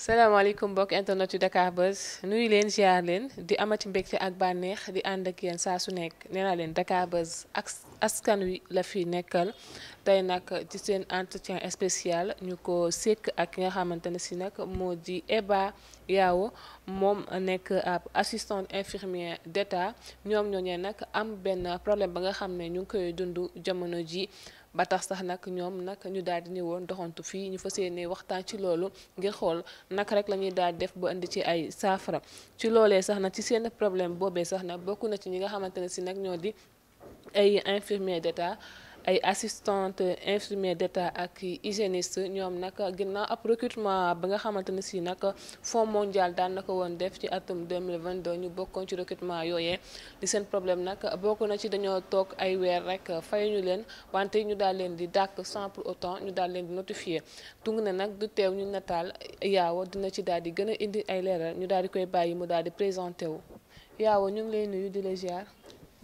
salaamaaleykum mbokk internet yu Dakar Buzz nuyu leen ziar leen di amati mbégte ak bànneex di ànd ak yenn saa su nekk nee leen Dakar Buzz ak askan wi la fi nekkal tey nag ci seen entretien spécial ñu ko sekk ak nga xamante ne si nag moo di Eva Yao moom nekk ab assistante infirmière d'état ñoom ñooñee nag am benn problème ba nga xam ne ñu ngi koy dund jamono ji. ba tax sax nag ñoom nag ñu daal di ne woon doxantu fii ñu fa yéene waxtaan ci loolu ngir xool nak rek la ñuy daal def ba indi ci ay saafara ci loolee sax na ci seen problème boobee sax na bokk na ci ñi nga xamante ne si nag ñoo di ay infirmier d'état ay assistante infirmier d'état ak hygiéniste ñoom nag ginnaaw ab recrutement ba nga xamante ne si nag Fonds mondial daan na ko woon def ci atum 2022 ñu bokkoon ci recrutement yooye di seen problème nag bokk na ci dañoo toog ay weer rek ñu leen wante ñu daal leen di dàkk sans pour autant ñu daal leen di notifier tung ne nag du teew ñu nataal yaawa dina ci daal di gën a indi ay leeral ñu daal di koy bàyyi mu daal di présenté wu yaawa ñu ngi lay nuyu di la ziar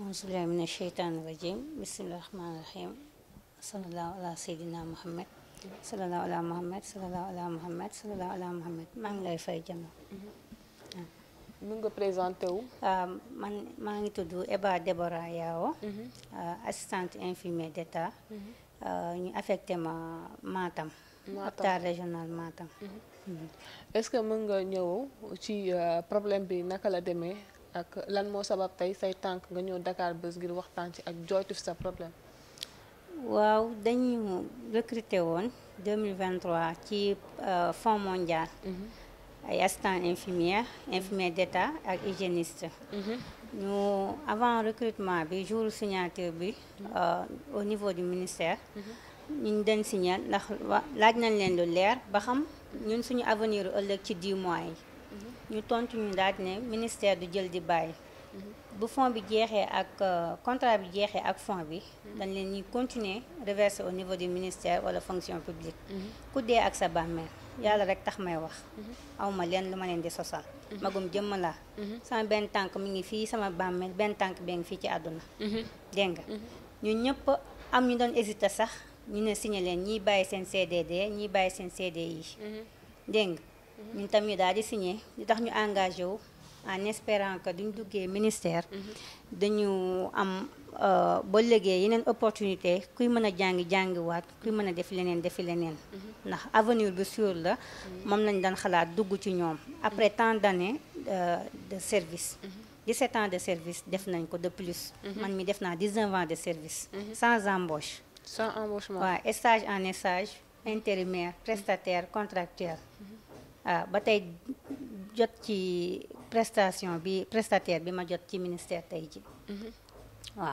aousubillahi min asheytaani rajim bismillahi rahmaani rahim salallahu ala seydina muhammad salallahu muhammad salallahu muhammad salallahu muhammad maa ngi lay fay jama mun nga présenté ah, maa ngi tudd Eva Débora Yao mhm. ah, assistante d'état mhm. ah, ñu affecté ma Matam hôpital régional Matam mhm. est-ce que mën nga ñëw ci euh, problème bi naka la demee ak lan moo sabab tey say tànk nga ñëw Dakar Buzz ngir waxtaan ci ak jooytu fi sa problème. waaw dañu recruter woon 2023 ci euh, Fonds mondial. Mhm. ay assistant infirmière infirmière d'état ak hygiéniste mhm. ñu avant recrutement bi jour signature bi euh, au niveau du ministère mhm. ñun dañ signé ndax laaj nañ leen lu leer ba xam ñun suñu avenir ëllëg ci 10 mois yi ñu tontu ñu daal ne ministère du jël di bàyyi. Mhm. bu fonds bi jeexee ak euh, contrat bi jeexee ak fonds bi. Mhm. dañ leen ñuy continuer reverser au niveau du ministère wala fonction publique. Mhm. ku dee ak sa bàmmeel yàlla rek tax may wax. aw ma leen lu ma leen di sosal. magum jëmm laa. sama benn tànk mi ngi fii sama bàmmeel benn tànk bee ngi fii ci àdduna. dégg nga ñun ñëpp am ñu doon hésité sax ñu ne signé leen ñiy bàyyi seen de ñiy bàyyi seen CDI. yi nga ñun tam daal di signé li tax ñu engagé wu en espérant que duñ duggee ministère. Mhm. dañu am euh, ba léegi yeneen opportunité kuy mën a jàngi jàngiwaat kuy mën a def leneen defi leneen. Mhm. ndax avenir bu sûr la. Mhm. moom lañ daan xalaat dugg ci ñoom. après tant d'années euh, de service. 17 ans de service def nañ ko de plus. man mi def naa 19 ans de service. sans embauche. sans embauchement waaw stage en stage intérimaire prestataire contracteur Ah, ba tey jot ci prestation bi prestataire bi ma jot ci ministère tey ji mhm. waa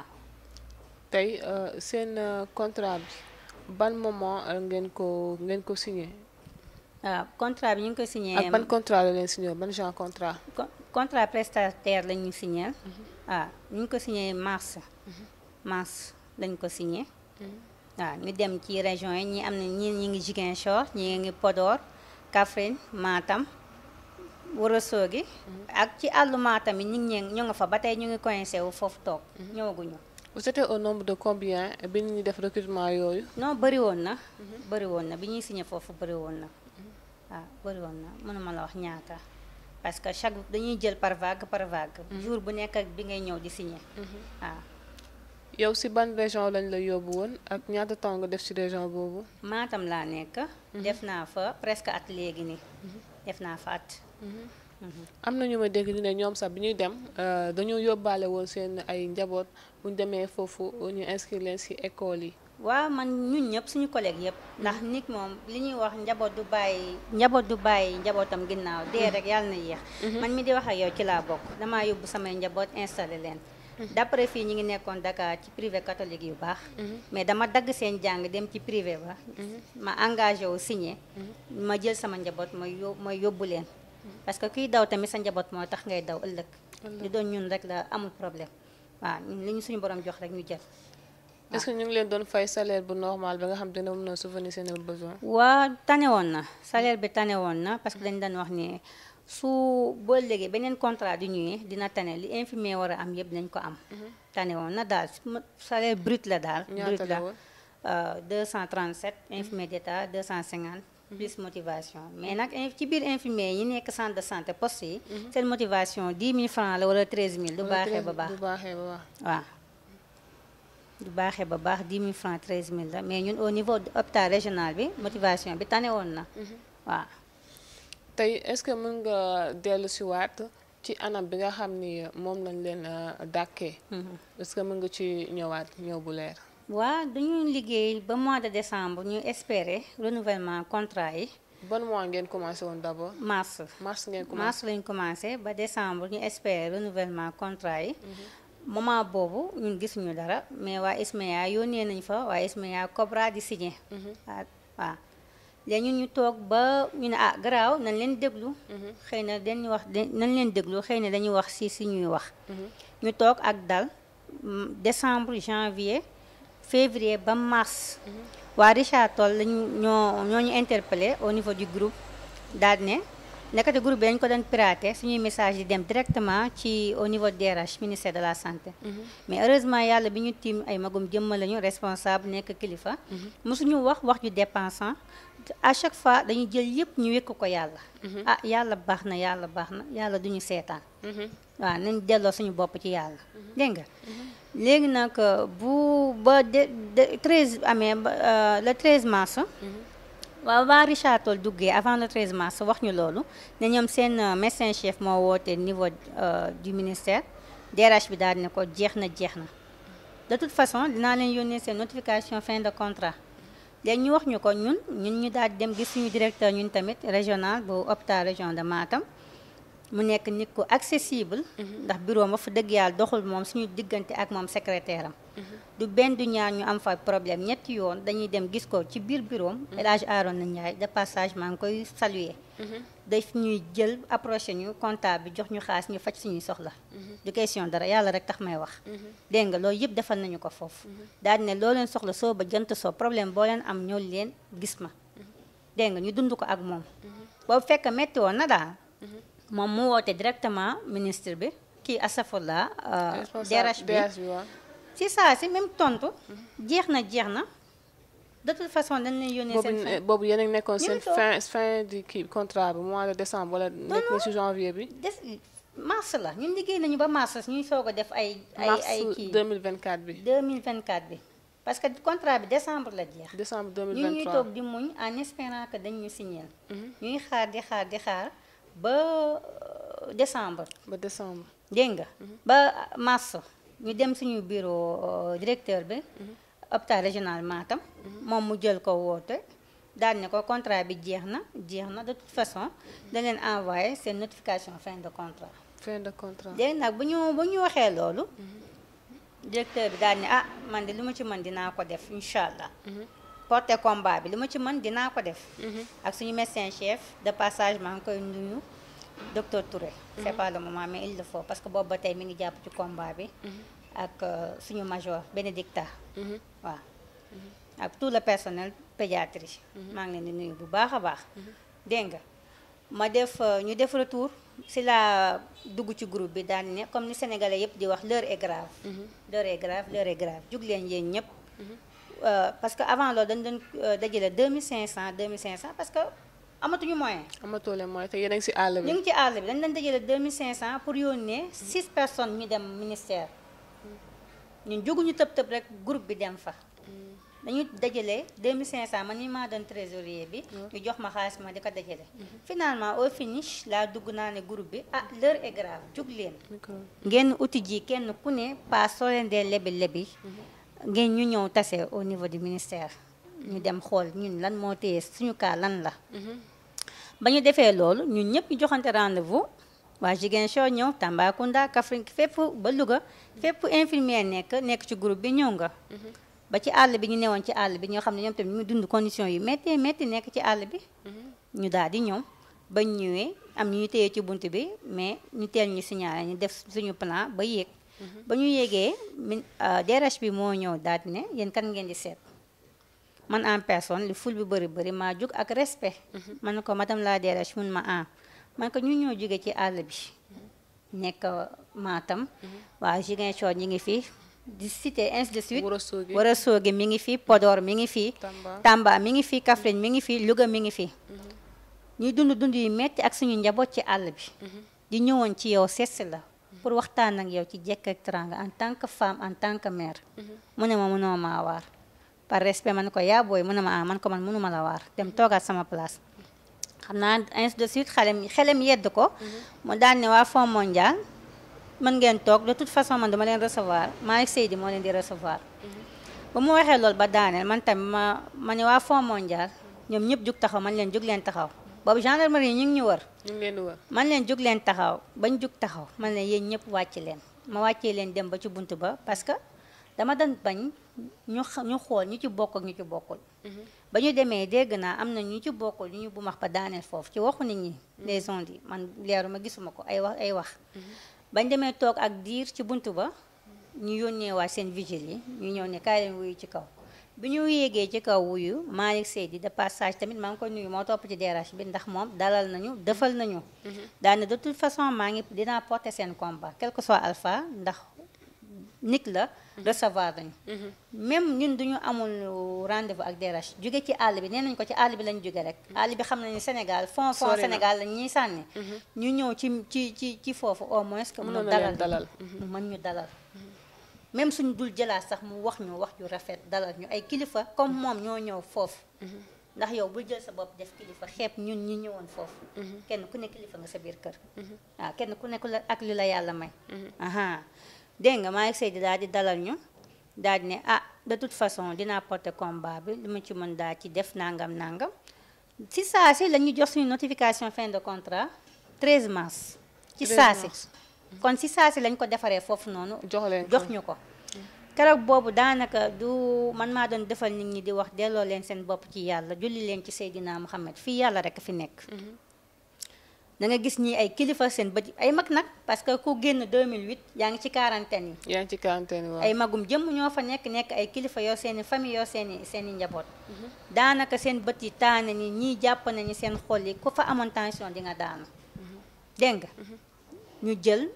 tey euh, seen euh, contrat bi ban moment euh, ngeen ko ngeen ko signé waaw ah, contrat bi ñu ngi ko signé ak ban contrat la leen ban genre contrat contrat prestataire la ñu signé waaw mhm. ah, ñu ngi ko signé mars mhm. mars lañ ko signé waaw ñu dem ci région yi ñi am na ñi ñi ngi Ziguinchor ñi ngi Podor Kaffrine Matam gi ak ci àllu Matam yi ñu ngi ñu nga fa ba tey ñu ngi coincé wu foofu toog mhm. ñëwaguñu vous étiez au nombre de combien bi ñu def recrutement yooyu non bëri woon na mhm. bëri na bi ñuy signé foofu bëri woon na waaw mhm. ah, bëri woon na mënuma la wax ñaata parce que chaque dañuy jël par vague par vague jour bu nekk bi ngay ñëw di signé waaw ah. yow si ban région lañ la yóbbu woon ak ñaata temps def si région boobu. maatam laa nekk. Mhm. def naa fa presque at léegi ni mhm. def naa fa at. Mhm. am na ñu ma dégg ne ñoom sax bi ñuy dem euh, dañoo yóbbaale woon seen ay njaboot bu ñu demee foofu ñu inscrire leen si école yi. waaw man ñun ñëpp suñu collègue yëpp. ndax nit moom li ñuy wax njaboot du bàyyi. njaboot du bàyyi njabootam ginnaaw dee rek yàlla na yéex. man mi di wax ak yow ci laa bokk damaa yóbbu samay njaboot installé leen. Mhm. d'après fii ñi ngi nekkoon dakaar ci privé catholique yu baax. Mhm. mais dama dagg seen jàng dem ci privé ba. Mhm. ma engagé wu signé. ma jël sama njaboot ma yób ma yóbbu leen. parce que kuy daw tamit sa njaboot moo tax ngay daw ëllëg. li doon ñun rek la amul problème waaw li ñu suñu borom jox rek ñu jël. est que ñu ngi leen doon fay salaire bu normal bi nga xam dina mën a souvenir seen besoin. waa tane woon na salaire bi tane woon na parce que dañ daan wax nii su boo léegi beneen contrat du ñëwee dina tane li infirmier war a am yëpp nañ ko am. Mhm. tane woon na daal salaire brut la daal. brut la Uh, 237 mhm. infirmier d'état cinquante mhm. plus motivation mais nag ci biir infirmier yi nekk centre de santé poste yi seen motivation 10 000 francs la wala 13 000 du baaxee ba baax waaw du baaxee ba baax 10 000 francs 13 mille la mais ñun au niveau hôpital régional bi motivation bi tane woon na tey est-ce que mën nga dellu si waat ci anam bi nga xam ni moom lañ leen euh, dàkkee. Mm-hmm. est que mën nga ci ñëwaat ñëw bu leer. waaw dañuy liggéey ba mois de décembre ñu espérer renouvellement contrat yi. ban mois ngeen commencé woon d'abord. mars mars ngeen commencé mars lañ commencé ba décembre ñu espérer renouvellement contrat yi. Mm-hmm. moment boobu ñun gisuñu dara mais waa ISMEA yónnee nañ fa waaye ISMEA Cobra di signé. Mm-hmm. waaw. léegi ñu toog ba ñu ne ah garaaw nañ leen déglu. Mm-hmm. xëy na dañuy wax nañ leen déglu xëy na dañuy wax si si ñuy wax. Mm-hmm. ñu toog ak dal mm, décembre janvier février ba mars. Mm-hmm. waa Richard Toll lañu ñoo ñoo ñu interpellé au niveau du groupe daal ne nekkati groupe bi dañ ko doon piraté suñuy message di dem directement ci au niveau derage ministère de la santé. mais heureusement yàlla bi ñu tiim ay magum jëmm lañu responsable nekk kilifa. mosuñu wax wax ju dépensant. à chaque fois dañu jël yëpp ñu wékk ko yàlla. Mhm. ah yàlla baax na yàlla baax na yàlla duñu seetaan. Mhm. waaw nañ delloo suñu bopp ci yàlla. Mhm. dégg nga léegi nag euh, bu ba de de treize amee ah, euh, le treize mars. waaw waa Richard Toll duggee avant le 13 mars wax ñu loolu ne ñoom seen euh, médecin chef moo woote niveau du ministère DRH bi daal ne ko jeex na jeex na de toute façon dinaa leen yónnee seen notification fin de contrat. léegi ñu wax ñu ko ñun ñun ñu daal dem gis suñu directeur ñun tamit régional bu hôpital région de maatam mu nekk nit ku accessible mm-hmm. ndax bureau ma fa dëgg yàlla doxul moom suñu diggante ak moom secrétaire am mm-hmm. du benn du ñaar ñu am fa problème ñetti yoon dañuy dem gis ko ci biir bureau am mm-hmm. El na Arona Ndiaye de maa ngi koy saluer daf ñuy jël approché ñu comptable bi jox ñu xaalis ñu faj suñuy soxla du question dara yàlla rek tax may wax dégg nga loolu yëpp defal nañu ko foofu daal ne loo leen soxla soo ba jant soo problème boo leen am ñëw leen gis ma dégg nga ñu dund ko ak moom moom mu woote directement ministre bi kii Assafoula. Euh, DRH bi ci saa si même tontu. jeex na jeex na de toute façon dañ leen yónnee seen. fin a ngi nekkoon seen fin fin kii contrat bi mois de décembre wala nekk na si janvier bi. mars la ñu liggéey nañu ba mars ñuy soog a def ay. ay ay kii mars 2024 bi. 2024 bi parce que contrat bi décembre la jeex. décembre 2023 ñun ñuy toog di muñ en espérant que dañ ñu signé. Mhm. ñuy xaar di xaar di xaar. ba euh, décembre. ba décembre. nga. Mhm. ba mars ñu dem suñu bureau euh, directeur bi. Mhm. hôpital régional Matam. Mhm. moom mu jël ko woote. daal ne ko contrat bi jeex na jeex na de toute façon da leen envoyé seen notification fin de contrat. fin de contrat léegi nag bu ñu bu ñu waxee loolu. directeur bi daal ne ah man di lu ma ci man dinaa ko def incha allah. porter combat bi li ma ci mën dinaa ko def. Mhm. ak suñu médecin chef de passage maa ngi koy nuyu docteur mhm. c'est pas le mais il faut parce que boobu ba tey mu ngi jàpp ci combat bi. Mhm. ak euh, suñu major Bénédicta. waaw ak tout le personnel pédiatrie. maa ngi leen di nuyu bu baax a baax. dégg nga ma def euh, ñu def retour si laa dugg ci groupe bi daan ne comme ni sénégalais yëpp di wax l'heure est grave. l'heure est grave l'heure est grave jug leen yéen ñëpp. Euh, parce que avant loolu dañ doon dajale 2500 2500 parce que amatuñu moyen. amatoo leen moyen te yéen a ngi si àll bi. ñu ngi ci àll bi dañ doon dajale 2500 pour ne 6 personnes ñu dem ministère ñun jóguñu tëb tëb rek groupe bi dem fa. dañu dajale 2500 man ni maa doon trésorier bi. ñu jox ma xaalis ma di ko dajale. finalement au finish laa dugg naa ne group bi ah l'heure est grave jug leen. ngeen uti ji kenn ku ne pas soo leen dee lebi lebi. Mhm. ngeen ñu ñëw tase au niveau du ministère ñu dem xool ñu lan moo téye suñu kaa lan la mhm. ba ñu defee loolu ñu ñëpp ñu joxante rendez-vous waa Ziguinchor ñëw Tambacounda Kaffrine fépp ba luga fépp infirmier nekk nekk ci groupe bi ñëw nga mhm. ba ci àll bi ñu newoon ci àll bi ñoo xam ne ñoom tamit ñu dund condition yu métti métti nekk ci àll bi mhm. ñu daal di ñëw bañ ñëwee am ñu ñu téye ci bunt bi mais ñu teel ñu signalé ñu def suñu plan ba yéeg Mm-hmm. ba ñu yéegee min ah, bi moo ñëw daal ne yéen kan ngeen di seet man en personne li ful bi bëri bëri maa jug ak respect mm-hmm. man ko madame laa DRH mun ma ah man ko ñu ñoo jóge ci àll bi mm-hmm. nekk ah, Matam waa Ziguinchor ñi ngi fi di cité ainsi de suite mi ngi fii Podor mi ngi fii Tamba mi ngi fii Kaffrine mi ngi fii Louga mi ngi fi ñuy dund dund yu metti ak suñu njaboot ci àll bi di ñëwoon ci yow seetsi la pour waxtaan ak yow ci jekk ak teranga en tant que femme en tant que mère. Mm-hmm. mu ne ma mënoo maa waar. par respect man ko yaa booy mu ne ma ah man ko man mënuma la waar dem mm-hmm. toogaat sama place. xam naa ainsi de suite xelem xelem yedd ko. Mm-hmm. mu daan ne waa Fonds mondial. mën ngeen toog de toute façon man dama leen recevoir Malick Seydi moo leen di recevoir. ba mu waxee loolu ba daaneel man tamit ma ma ne waa Fonds mondial ñoom ñëpp jug taxaw man leen jug leen taxaw. boobu gendarmerie yi ñu ngi ñu wër ñu ngi leen wër man leen jóg leen taxaw bañ jóg taxaw man leen yéen ñëpp wàcc leen ma wàccee leen dem ba ci bunt ba parce que dama dañ bañ ñu ñu xool ñu ci bokk ak ñu ci bokkul mhm. bañu demee dégg naa am na ñu ci bokkul ñu ñu bu max ba daaneel foofu ci waxu nit ñi mhm. les on man leeru ma gisuma ko ay wax ay wax mhm. bañ demee toog ak diir ci bunt ba ñu yónnee waa seen vigile yi ñu ñëw ne kaay leen wuyu ci kaw bi ñu yéegee ci kaw wuyu maa Malick Seydi de passage tamit maa ngi koy nuyu moo topp ci DRH bi ndax moom dalal nañu defal nañu mm-hmm. daane de toute façon maa ngi dinaa porter seen combat quel que soit alpha ndax nit la mm-hmm. recevoir nañu mm-hmm. même ñun duñu amul rendez-vous ak DRH jóge ci àll bi nee nañ ko ci àll bi lañ jóge rek àll bi xam nañu Sénégal fond fond Sénégal lañ ñuy sànni ñu ñëw ci ci ci ci foofu au moins que mu dalal man ñu dalal même suñ dul jëlaat sax mu wax ñu wax ju rafet dalal ñu ay kilifa comme moom ñoo ñëw foofu ndax yow bul jël sa bopp def kilifa xeeb ñun ñu ñëwoon foofu kenn ku ne kilifa nga sa biir kër waaw kenn ku nekk la ak li la yàlla may dégg nga maa ngi Seydi daal di dalal ñu daal di ne ah de toute façon dinaa porter combat bi li ma ci mën daal ci def nangam nangam ci saa si lañuy jox suñu notification fin de contrat 13 mars ci saa si kon si saa si lañ ko defaree foofu noonu. jox leen jox ñu ko. keroog boobu daanaka du man maa doon defal nit ñi di wax delloo leen seen bopp ci yàlla julli leen ci Seydina Muhammad fii yàlla rek fi nekk. Mm-hmm. da nga gis ñi ay kilifa seen bët ay mag nag parce que ku génn 2008 yaa ngi ci quarantaine yi. yaa ngi ci quarantaine waaw ay magum jëmm ñoo fa nekk nekk ay kilifa yoo seen i famille yoo seen i njaboot. Mm-hmm. daanaka seen bët yi taana ni ñii jàpp nañu seen xol yi ku fa amoon tension di nga daanu. Mm-hmm.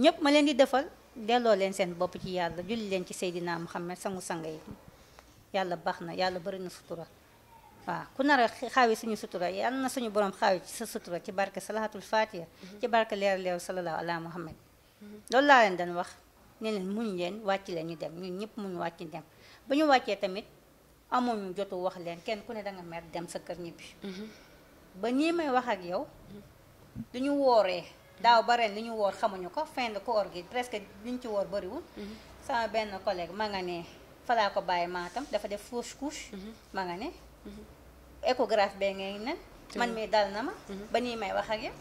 ñëpp ma leen di defal delloo leen seen bopp ci yàlla julli leen ci Seydina Muhammad sangu sang yi yàlla baax na yàlla bëri na sutura waaw ku nar xaw xaawi suñu sutura yàlla na suñu borom xaawi ci sa sutura ci barke salaatul fatiha ci barke leer leeru salallaahu ala muhammad loolu laa leen dan wax ne leen muñ leen wàcc leen ñu dem ñun ñëpp muñ wàcc dem ba ñu wàccee tamit amuñu jotu wax leen kenn ku ne danga mer dem sa kër ñibbi mhm. ba nii may wax ak yow daaw ba ren li ñu woor xamuñu ko fin de koor gi presque ñu ci woor bëriwul mhm. sama benn collègue ma nga ne falaa ko bàyyi maatam dafa def fausse couche mhm. ma nga ne mhm. échographe bee ngay nen man mii dal na ma ba nii may wax ak yow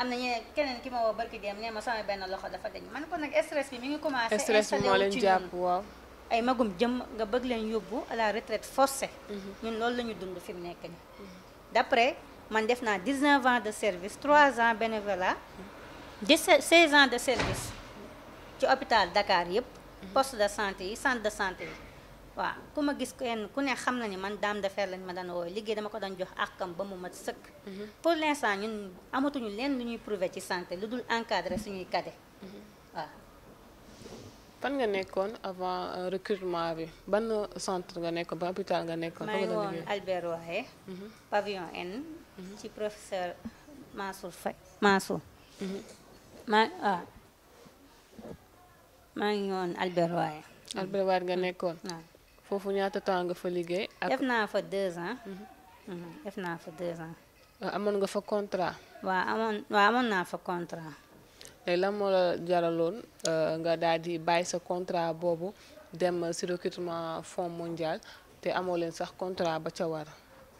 am na keneen ki ma woo barki dem ma sama benn loxo dafa dañ man ko nag stress bi mi ngi commencé stress bi moo leen ay magum jëm nga bëgg leen yóbbu à la retraite forcée ñun loolu la ñu dund fi mu nekk nii d'après man def naa dix 19 ans de service 3 ans bénévolat 17 16 ans de service ci hôpital Dakar yëpp mhm. poste de santé yi centre de santé yi waaw ku ma gis kenn ku ne xam na ni man daam defar lañ ma daan wooyu liggéey dama ko daan jox àqam ba mu mat sëkk mhm. pour l'instant ñun amatuñu leen lu ñuy prouver ci santé lu dul encadrer suñuy cadet mhm. waaw fan nga nekkoon avant euh, recrutement bi ban centre nga nekkoon ba hôpital nga nekkoon maa ngi woon Albert Royer pavillon ci professeur Mansour Faye Mansour maa ah. maa ngi woon Albert Royer Albert Royer nga mm. nekkoon waaw ah. foofu ñaata temps nga fa liggéey ak def naa fa deux ans naa fa deux ah, amoon nga fa contrat waaw amoon waaw amoon naa fa contrat léegi lan moo la jaraloon euh, nga daal di bàyyi sa contrat boobu dem si recrutement Fonds mondial te amoo leen sax contrat ba ca war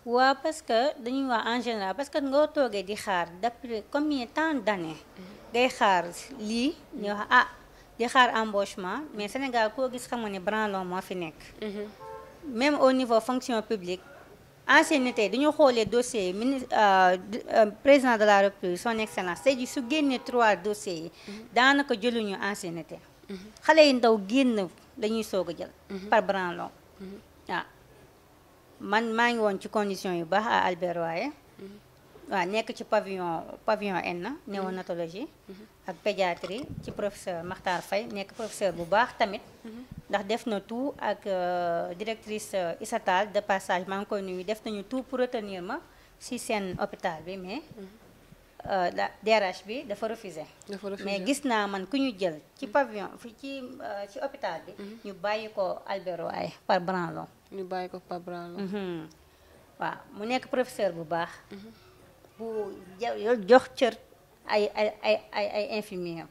waaw parce que dañuy wax en général parce que ngoo toogee di xaar d'après combien temps d'années ngay xaar lii ñu wax ah di xaar embauchement mais Sénégal koo gis xam nga branlon moo fi nekk mhm. même au niveau fonction publique ancienneté dañu xoolee dossiers yi mini euh, euh, président de la république son excellence tey su génnee trois dossiers yi mhm. daanaka jëluñu ancienneté mhm. xale yi ndaw génn dañuy soog a jël par branlon ah. man maa ngi woon ci condition yu baax à Albert waaye mm-hmm. waaw nekk ci pavillon pavillon N néonatologie mm-hmm. ak pédiatrie ci professeur Makhtar Faye nekk professeur bu baax tamit mm-hmm. ndax def na tout ak euh, directrice euh, Issa Tall de passage maa ngi def nañu tout pour retenir ma si seen hôpital bi mais DRH euh, bi dafa refusé. mais gis naa man ku ñu jël ci pavillon fi ci euh, ci hôpital bi. Mhm. ñu bàyyi ko Albert Royer par Branlon. ñu bàyyi ko par Branlon. Mhm. waaw mu nekk professeur bu baax. Mhm. bu jox cër ay ay ay ay ay infirmier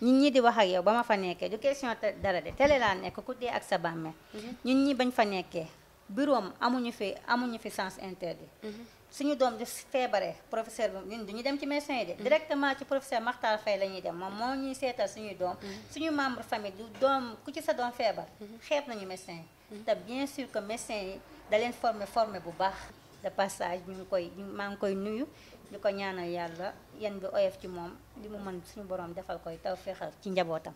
ñun ñi di wax ak yow ba ma fa nekkee du question dara de télé laa nekk ku dee ak sa bàmmeel ñun ñi bañ fa nekkee bureau am amuñu fi amuñu fi sens interdit. suñu doom di feebaree professeur bi ñun duñu dem ci messin yi de mm. directement ci professeur Makhtar Faye la ñuy dem moom moo ñuy seetal suñuy doom mm. suñu membre famille du doom ku ci sa doom feebar mm-hmm. xeeb nañu médecin yi mm-hmm. te bien sûr que médecin yi da leen former former bu baax de passage ñu koy maa ngi koy nuyu ñu ko ñaanal yàlla yan bi oyof ci moom li mu mën suñu borom defal koy taw féexal ci njabootam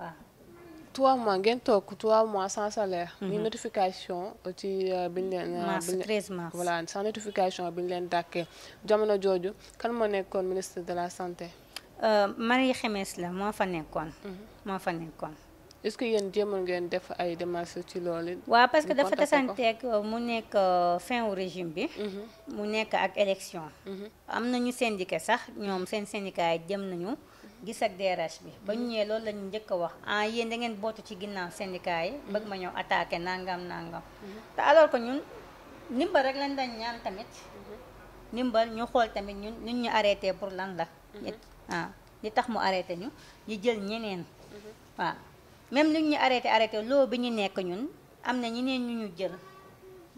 waaw trois mois ngeen toog trois mois sans salaire. muy mhm. notification ci euh, bi ñu leen. Euh, mars treize mars voilà sans notification bi ñu leen dàkkee jamono jooju kan moo nekkoon ministre de la santé. Euh, Marie Xemes la moo fa nekkoon. Mhm. moo fa nekkoon. est-ce que yéen jéemoon ngeen def ay démarches ci loolu. waa parce que dafa tasanteeg mu nekk fin wu régime bi. Mhm. mu nekk ak élection. am nañu syndicat sax ñoom seen syndicat yi jëm nañu. gis ak DRH bi ba ñu mm. ñëwee loolu la njëkk a wax ah yéen da ngeen bootu ci ginnaaw syndicat yi bëgg ma mm. ñëw attaqué nangam nangam mm-hmm. te alors que ñun ndimbal rek lañ dañ ñaan tamit mm-hmm. ndimbal ñu xool tamit ñu ñun ñu arrêté pour lan la mm-hmm. ah li tax mu arrêté ñu ñu jël ñeneen waaw même li ñu arrêté arrêté loo bi ñu nekk ñun am na ñeneen ñu ñu jël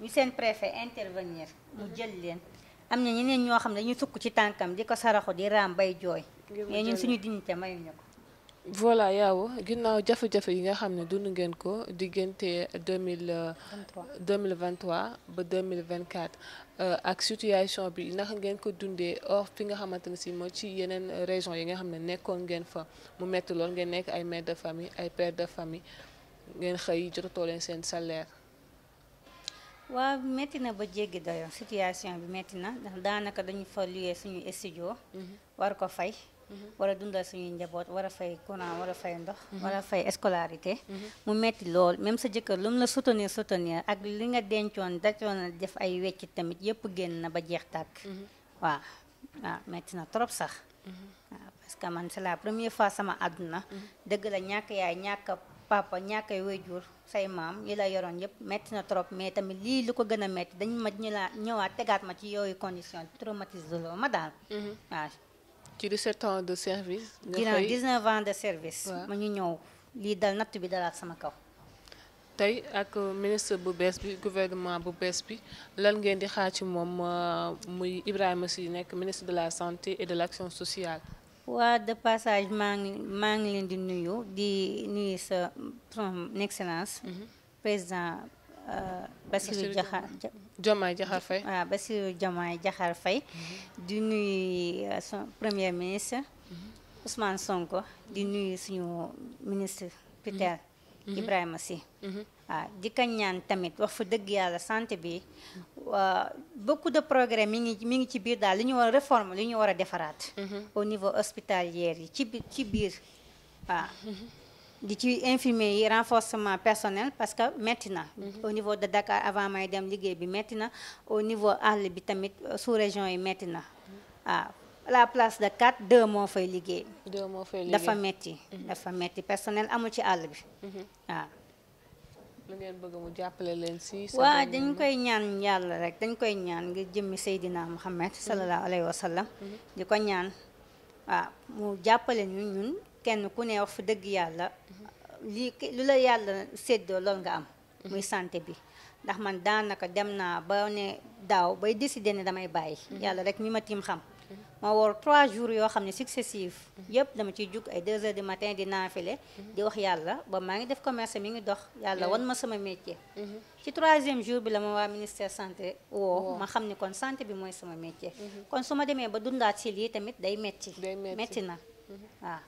ñu seen préfet intervenir mu jël leen am na ñeneen ñoo xam ne ñu sukk ci tànkam di ko saraxu di raam bay jooy mais ñun suñu dignité mayuñu ko. voilà yaaw ginnaaw jafe-jafe yi nga xam ne dund ngeen ko diggante deux mille euh, deux mille vingt trois ba deux mille vingt quatre euh, ak situation bi ndax ngeen ko dundee or fi nga xamante ne si moo ci yeneen région yi nga xam ne nekkoon ngeen fa mu metti lool ngeen nekk ay mère de famille ay père de famille ngeen xëy jotatoo leen seen salaire. waaw métti na ba jéggi dayo situation bi métti na daanaka dañu fa luyee suñu studio. Mhm. war ko fay. Mm-hmm. war a dundal suñuy njaboot war a fay courant war a fay ndox mm-hmm. war a fay scolarité mm-hmm. mu metti lool même sa jëkkër lu mu la soutenir soutenir ak li nga dencoon dacoon def ay wecc tamit yépp génn na ba jeex tàkk waaw waaw metti na trop sax waaw parce que man c'est la première fois sama àdduna dëgg la ñàkk yaay ñàkk papa ñàkkay wayjur say maam yi la yoroon yëpp metti na trop mais tamit lii lu ko gën a metti dañ ma laa ñëwaat tegaat ma ci yow yu condition traumatisé ma daal ci 17 ans de service. nga xëy ginnaaw 19 ans de service. ma ñu ñëw lii dal natt bi dalaat sama kaw. tey ak euh, ministre bu bees bi gouvernement bu bees bi lan ngeen di xaar ci moom euh, muy Ibrahima Sy nekk ministre de la santé et de l'action sociale. waa de passage maa ngi maa ngi leen di nuyu di nuyu sa son Euh, Bassirou Diakhar Diomaye Diakhar Faye waaw Bassirou Diomaye di nuyu euh, son premier ministre mhm. Ousmane Sonko di nuyu suñu ministre Pitel mhm. mhm. Ibrahima Sy waaw di ñaan tamit wax fa dëgg yàlla santé bi bokku de progrès mi ngi mi ngi ci biir daal li ñu war a réforme li ñu war a defaraat au niveau hospitalier yi ci biir ci biir di ci infirmier yi renforcement personnel parce que métti na mhm. au niveau de Dakar avant may dem liggéey bi métti na au niveau àll bi tamit euh, sous région yi métti na waaw mhm. ah, la place de quatre deux moo fay liggéey dafa métti mhm. dafa métti personnel amul ci àll bi waaw ah. jàppale leen si. waaw dañ koy ñaan yàlla rek dañ koy ñaan ngir jëmmi Seydina Muhammad sallallahu alayhi wa di ko ñaan waaw ah, mu jàppale ñun ñun kenn ku ne wax fa dëgg yàlla lii lu la yàlla séddoo loolu nga am muy santé bi ndax man daanaka dem naa ba ne daaw bay décidé ne damay bàyyi yàlla rek mi ma tiim xam ma woor trois jours yoo xam ne successif yëpp dama ciy jug ay deux heures du matin di naafile di wax yàlla ba maa ngi def commerce mi ngi dox yàlla wan ma sama métier ci troisième jour bi la ma waa ministère santé woo ma xam ne kon santé bi mooy sama métier mhm. kon su ma demee ba dundaat lii tamit day metti metti na mhm.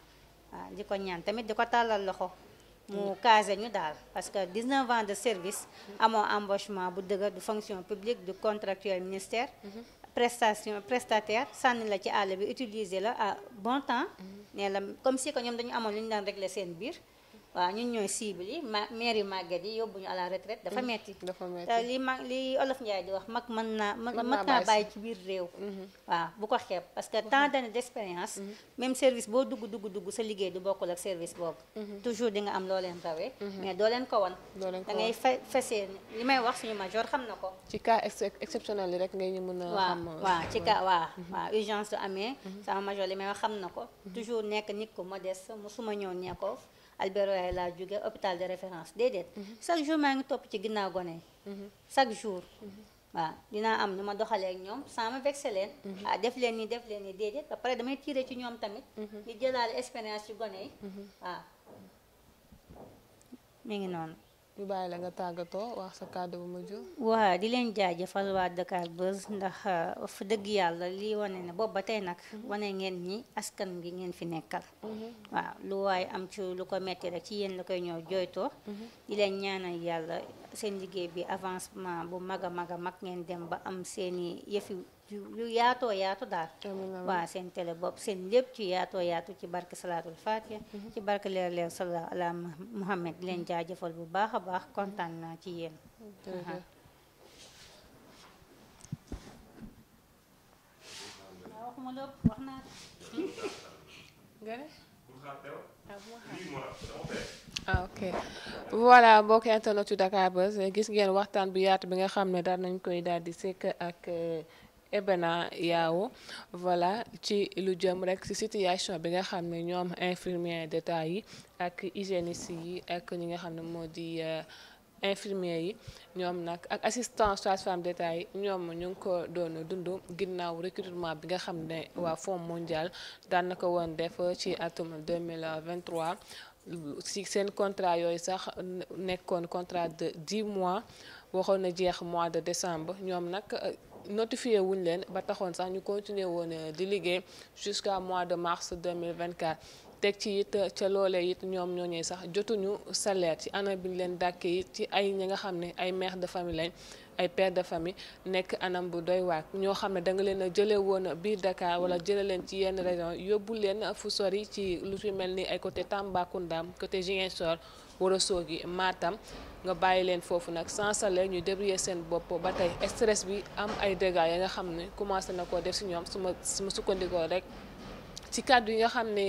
waaw di ko ñaan tamit di ko tàllal loxo mu casé ñu daal parce que 19 ans de service amoo embauchement bu dëgër du fonction publique du contracteur ministère mhm. prestation prestataire sànni la ci àll bi utiliser la à bon temps mhm. ne la comme si que ñoom dañu amoon lu ñu daan régler seen biir waaw ñun ñooy cible yi ma maire yu màgget yi yóbbu ñu à la retraite dafa mm-hmm. metti li ma li olof Njaay di wax mag mën naa mën naa bàyyi ci biir réew mm-hmm. waaw bu ko xeeb parce que tant d'années d'expérience mm-hmm. même service boo dugg dugg dugg sa liggéey du bokkul ak service boobu toujours di nga am loo leen rawee mais doo leen ko wan da fesee li may wax suñu major xam na ko ci cas exceptionnel yi rek ngay ñu mën a xam waaw ci urgence du amee sama major li may wax xam Abdoulaye laa jóge hôpital de référence déedéet mhm. chaque jour maa ngi topp ci ginnaaw gone yi mhm. chaque jour mhm. waaw dinaa am nu ma doxalee ak ñoom sans ma vexé leen def leen nii def leen nii déedéet ba pare damay tiire ci ñoom tamit di jëlaale expérience ci gone yi waaw mi ngi noonu ñu bàyyi la nga tàggatoo wax sa kàddu bu mujj. waa di leen jaajëfal waa Dakar Buzz ndax fa euh, dëgg yàlla li wane ne boobu ba tey nag wane ngeen ñi askan gi ngeen fi nekkal. Mm-hmm. waaw lu waaye am ci lu ko metti rek ci yéen la koy ñëw jooytoo. Mm-hmm. di leen ñaanal yàlla seen liggéey bi avancement bu mag a mag a mag ngeen dem ba am seeni yëfi. yu yaatoo yaatu daal waaw seen télé bopp seen lépp ci yaatoo yaatu ci barke salaatul fatiha mhm. ci barke leer leer salaa ala muhammad leen jaajëfal bu baax a baax kontaan naa ci yéen waxuma ah, ok voilà mbokki internet yu Dakar Buzz gis ngeen waxtaan bu yaatu bi nga xam ne daal nañ koy daal di sekk ak euh, Ebena Yaawu voilà ci lu jëm rek ci situation bi nga xam ne ñoom infirmier d'état yi ak hygiéniste yi ak ñi nga xam ne moo di euh, infirmier yi ñoom nag ak assistant sage-femme d'État yi ñoom ñu ngi ko doon dund ginnaaw recrutement bi nga xam ne waa Fonds mondial daan na ko woon def ci atum 2023 si seen contrat yooyu sax nekkoon contrat de 10 mois waxoon na jeex mois de décembre ñoom nag notifié wuñ leen ba taxoon sax ñu continuer woon euh, di liggéey jusqu'à mois de mars 2024 teg ci it euh, ca loole it ñoom ñooñee sax jotuñu salaire ci anam bi ñu leen dàkkee it ci ay ña nga xam ne ay mère de famille ay père de famille nekk anam bu doy waar ñoo xam ne da nga leen a jëlee woon biir Dakar wala jële leen ci yenn région yóbbu leen fu sori ci lu fi mel ni ay côté Tambacounda côté Ziguinchor Ourossogui maatam nga bàyyi leen foofu nag sans salaire ñu débrouiller seen bopp ba tey stress bi am ay dégâts ya nga xam ne commencé na koo def si ñoom su ma su ma sukkandikoo rek ci kàddu yi nga xam ne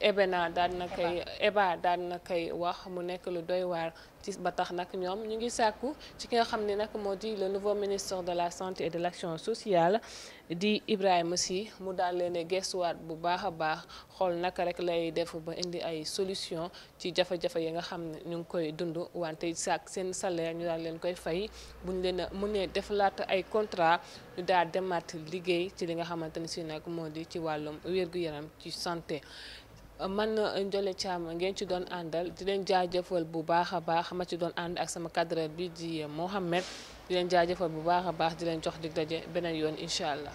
ebena daal na koy eba daal na koy wax mu nekk lu doy waar ci ba tax nag ñoom ñu ngi sàkku ci ki nga xam ne nag moo di le nouveau ministre de la santé et de l'action sociale di Ibrahima si mu daal leen gestuwaat bu baax a baax xool naka rek lay def ba indi ay solution ci jafe-jafe yi nga xam ne ñu ngi koy dund wante sàkk seen salaire ñu daal leen koy fay bu ñu leen a mënee deflaat ay contrat ñu daal demaat liggéey ci li nga xamante ne si nag moo di ci wàllum wér-gu-yaram ci santé man Ndiolé Thiam ngeen ci doon àndal di leen jëfal bu baax a baax ma ci doon ànd ak sama cadre bi di Mohamed di leen jaajëfal bu baax a baax di leen jox di daje beneen yoon incha allah.